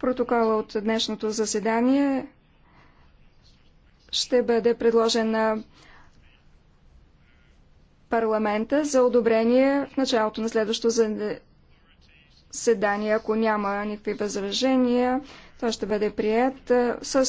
Протокола от днешното заседание ще бъде предложен на парламента за одобрение в началото на следващото заседание. Ако няма никакви възражения, той ще бъде прият с